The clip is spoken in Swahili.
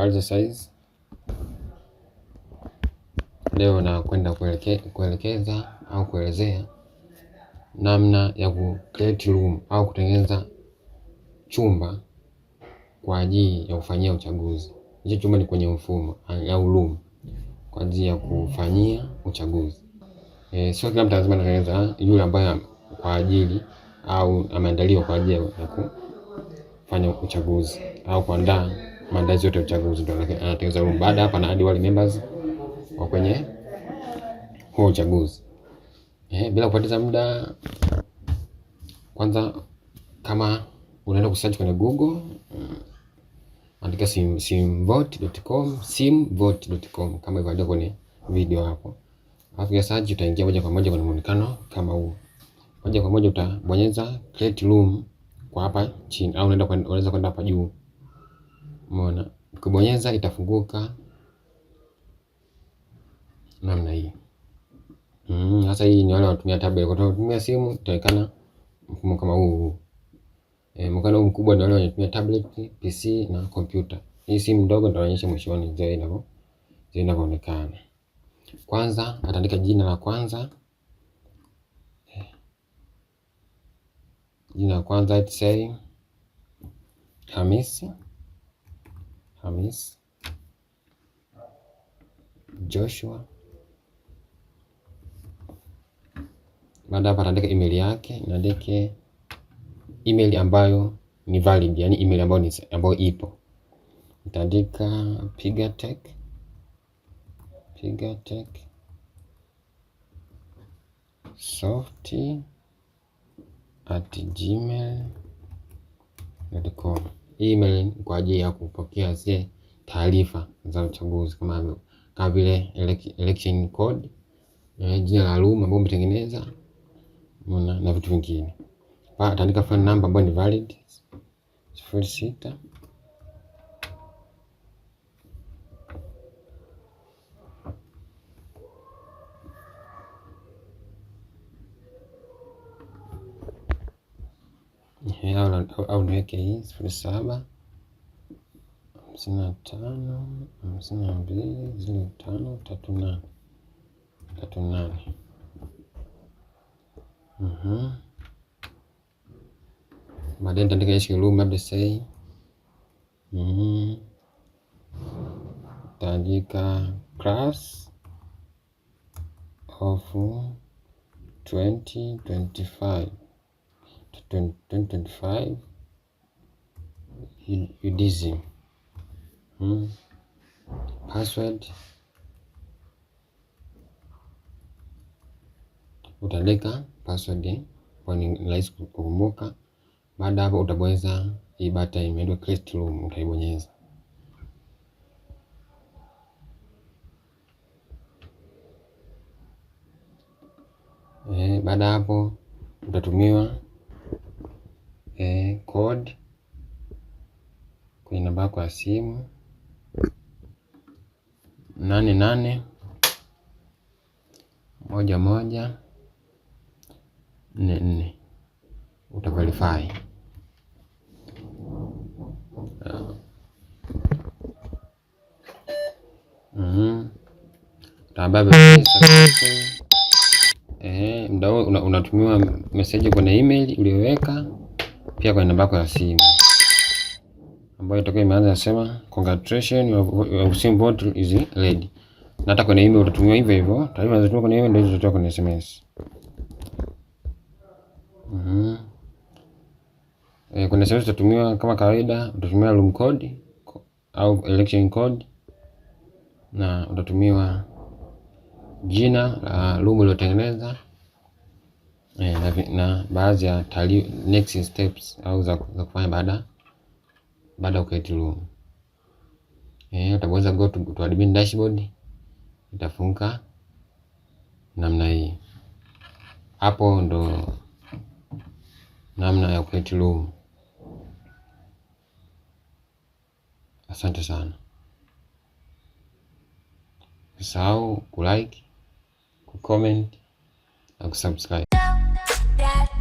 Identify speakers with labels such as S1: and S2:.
S1: Habari za saizi. Leo nakwenda kueleke, kuelekeza au kuelezea namna ya ku create room au kutengeneza chumba kwa ajili ya kufanyia uchaguzi. Hicho chumba ni kwenye mfumo au room kwa ajili ya kufanyia uchaguzi. E, sio kila mtu lazima anatengeneza yule ambaye kwa ajili au ameandaliwa kwa ajili ya kufanya uchaguzi au kuandaa maandalizi yote ya uchaguzi ndio anatengeneza room. Baada hapa na hadi wale members wa kwenye huo uchaguzi. Eh, bila kupoteza muda, kwanza kama unaenda kusearch kwenye Google mm, andika sim, simvote.com simvote.com kama ilivyoandikwa kwenye video hapo, alafu ya search utaingia moja kwa moja kwenye muonekano kama huu. Moja kwa moja utabonyeza create room kwa hapa chini, au unaenda unaweza kwenda hapa juu Umeona, ukibonyeza itafunguka namna hii. Mm, sasa mm, hii ni wale wanatumia tablet. Kwa kutumia simu itaonekana mfumo kama huu. E, eh, mkano huu mkubwa ni wale wanatumia tablet, PC na kompyuta. Hii simu ndogo nitaonyesha mwishoni zile inavyo zinavyoonekana. Kwanza ataandika jina la kwanza. E, jina la kwanza Hamisi Hamis, Joshua. Baada hapa naandika email yake, naandike email ambayo ni valid, yani email ambayo ni ambayo ipo. Nitaandika pigatech pigatech soft at gmail.com email kwa ajili ya kupokea zile taarifa za uchaguzi kama kama vile election code, eh, jina la room ambayo umetengeneza na vitu vingine. Taandika phone number ambayo ni valid 06 sita Eh, au niweke hii sifuri saba hamsini na tano hamsini na mbili zile tano tatu nane tatu mhm. nane baadaye nitaandika ishkilum labda sei mhm. taandika class of 2025 2025 UDSM hmm. Password utandika password kwa ni rahisi kukumbuka. Baada hapo utabonyeza hii button imeandikwa create room, utaibonyeza eh. Baada hapo utatumiwa eh, code kwenye namba yako ya simu nane nane moja moja nne nne utaverify. Mm-hmm. Eh, mda huo unatumiwa meseji kwenye email uliyoweka pia kwa namba yako ya simu ambayo itakuwa imeanza nasema congratulations your SIM board is ready. Na hata kwenye email utatumia hivyo hivyo, taarifa unazotuma kwenye email ndio zitatoka kwenye SMS. Mhm. Eh, kwenye SMS utatumia kama kawaida, utatumia room code au election code na utatumiwa jina la room uliotengeneza na baadhi ya next steps au za, za kufanya baada baada ya create room. Eh, utaweza go to, to admin dashboard itafunguka namna hii. Hapo ndo namna ya create room. Asante sana. Usisahau kulike, kucomment na kusubscribe. that.